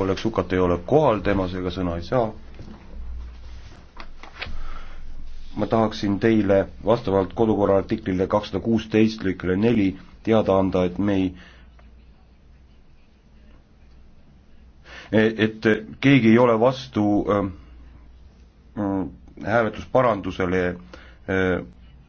kolleeg Sukat ei ole kohal, tema seega sõna ei saa. ma tahaksin teile vastavalt kodukorra artiklile kakssada kuusteist lõikele neli teada anda, et me ei et keegi ei ole vastu ähm, äh, hääletusparandusele äh,